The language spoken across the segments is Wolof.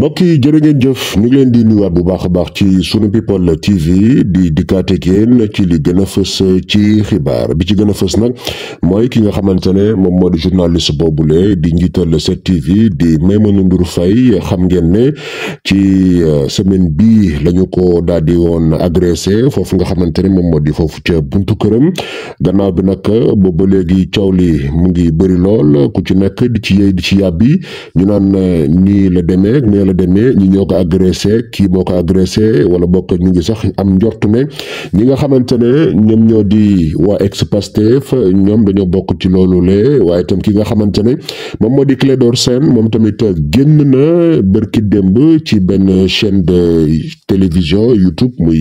mbokk yi jërë ngeen jëf ñu ngi leen di nuyuwaat bu baax a baax ci sunu people TV di dikkaate ak yéen ci li gën a fës ci xibaar bi ci gën a fës nag mooy ki nga xamante ne moom moo di boobu boobule di njiital 7TV di Maimouna Ndour Faye xam ngeen ne ci euh, semaine bi la ko daal di woon agressé foofu nga xamante ne moom moo di foofu ca buntu këram gannaaw bi nag booba léegi coow li mu ngi bëri lool ku ci nekk di ci yey di ci yàbbi ñu naan euh, nii la demee la demee ñi ñoo ko agressé kii moo ko agressé wala bokk ñu ngi sax am njort ne ñi nga xamante ne ñoom ñoo di waa ex Pastef ñoom dañoo bokk ci loolu le waaye itam ki nga xamante ne moom moo di Clédor Sène moom tamit génn na bërki démb ci benn chaîne de télévision YouTube muy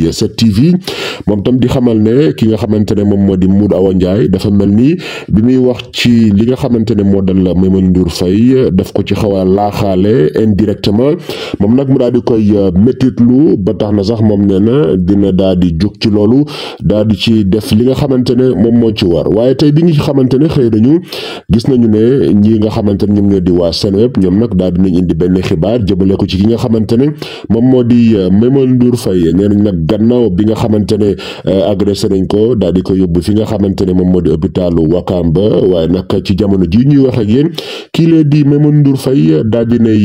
moom tam di xamal ne ki nga xamante ne moom moo di Maud Awa Ndiaye dafa mel nii bi muy wax ci li nga xamante ne moo dal ma Ndour Faye daf ko ci xaw a laaxaale indirectement moom nag mu daal di koy euh, métitlu ba tax na sax moom nee na dina daal di jug ci loolu daal di ci def li nga xamante ne moom moo ci war waaye tey bi nga xamante ne xëy nañu gis nañu ne ñi nga xamante ne ñoom ñoo di waa Senweb ñoom nag daal dinañ indi benn xibaar jëmale ko ci ki nga xamante ne moom moo di euh, Maimouna Ndour Faye nee nañ nag gannaaw bi nga xamante ne euh, agressé nañ ko daal di ko yóbbu fi nga xamante ne moom moo di hôpitalu Wakaam ba waaye nag ci jamono ji ñuy wax ak yéen kii lee di Maimouna Ndour Faye daal dinay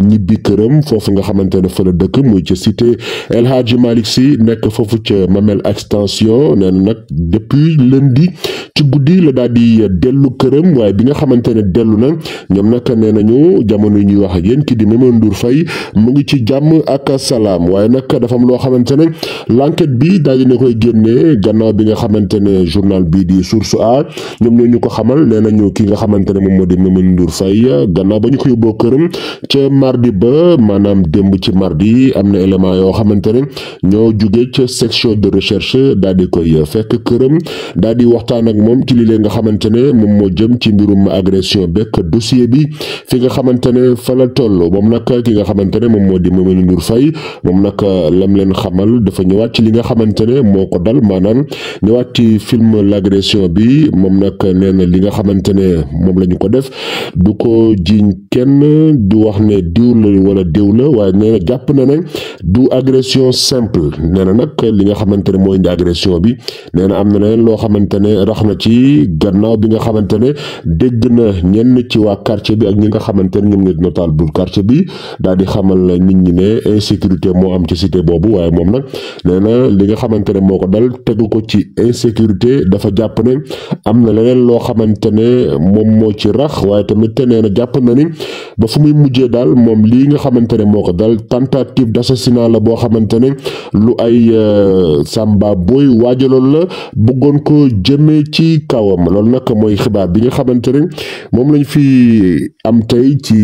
ñibbi kër këram foofu nga xamante ne fa la dëkk muy ca cité El Hadji Malick Sy nekk foofu ca Mamel extension nee na nag depuis di ci guddi la daal di dellu këram waaye bi nga xamante ne dellu na ñoom nag nee nañu jamono yi ñuy wax ak yéen kii di Mamadou Ndour Faye mu ngi ci jàmm ak salaam waaye nag dafa am loo xamante ne l'enquête bi daal ne koy génne gannaaw bi nga xamante ne journal bii di Source A ñoom ñoo ñu ko xamal nee nañu ki nga xamante ne moom moo di Mamadou Ndour Faye gannaaw ba ñu koy maanaam démb ci mardi am na élément yoo xamante ne ñoo jugee ca section de recherche daal di koy fekk këram daal di waxtaan ak moom ci li leen nga xamante ne moom moo jëm ci mbirum agression bekk dossier bi fi nga xamante ne fa la moom nag ki nga xamante ne moom moo di Mamadou Ndour Faye moom nag lam leen xamal dafa ñëwaat ci li nga xamante ne moo ko dal maanaam ñëwaat ci film l'agression bi moom nag nee li nga xamante ne moom lañu ko def du ko jiñ kenn du wax ne diw wala wala na waaye nee jàpp na ne du agression simple nee na nag li nga xamante ne mooy indi agression bi nee na am na leneen loo xamante ne rax na ci gannaaw bi nga xamante ne dégg na ñenn ci waa quartier bi ak ñi nga xamante ne ñoom ñoo bu quartier bi daal di xamal nit ñi ne insécurité moo am ci cité boobu waaye moom nag nee na li nga xamante ne moo ko dal tegu ko ci insécurité dafa jàpp ne am na leneen loo xamante ne moom moo ci rax waaye tamit nee na jàpp na ni ba fu muy mujjee daal moom lii nga xamante ne moo ko dal tentative d'assassinat la boo xamante ne lu ay euh, Samba Boy waajaloon la bëggoon ko jëmee ci kawam loolu nag mooy xibaar bi nga xamante ne moom lañu fi am tey ci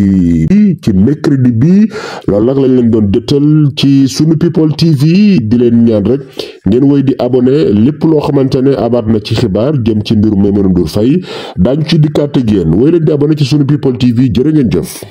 ci mercredi bi loolu nag lañu leen doon jëtal ci sunu people TV di leen ñaan rek ngeen woy di abonné lépp loo xamante ne abaat na ci xibaar jëm ci mbirum Maimouna Ndour Faye daañu ci dikkaat ak yéen woy leen di abonné ci sunu people TV jëre ngeen jëf